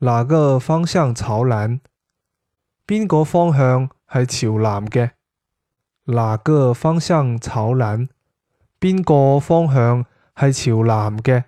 哪個方向朝南？邊個方向係朝南嘅？哪個方向朝南？邊個方向係朝南嘅？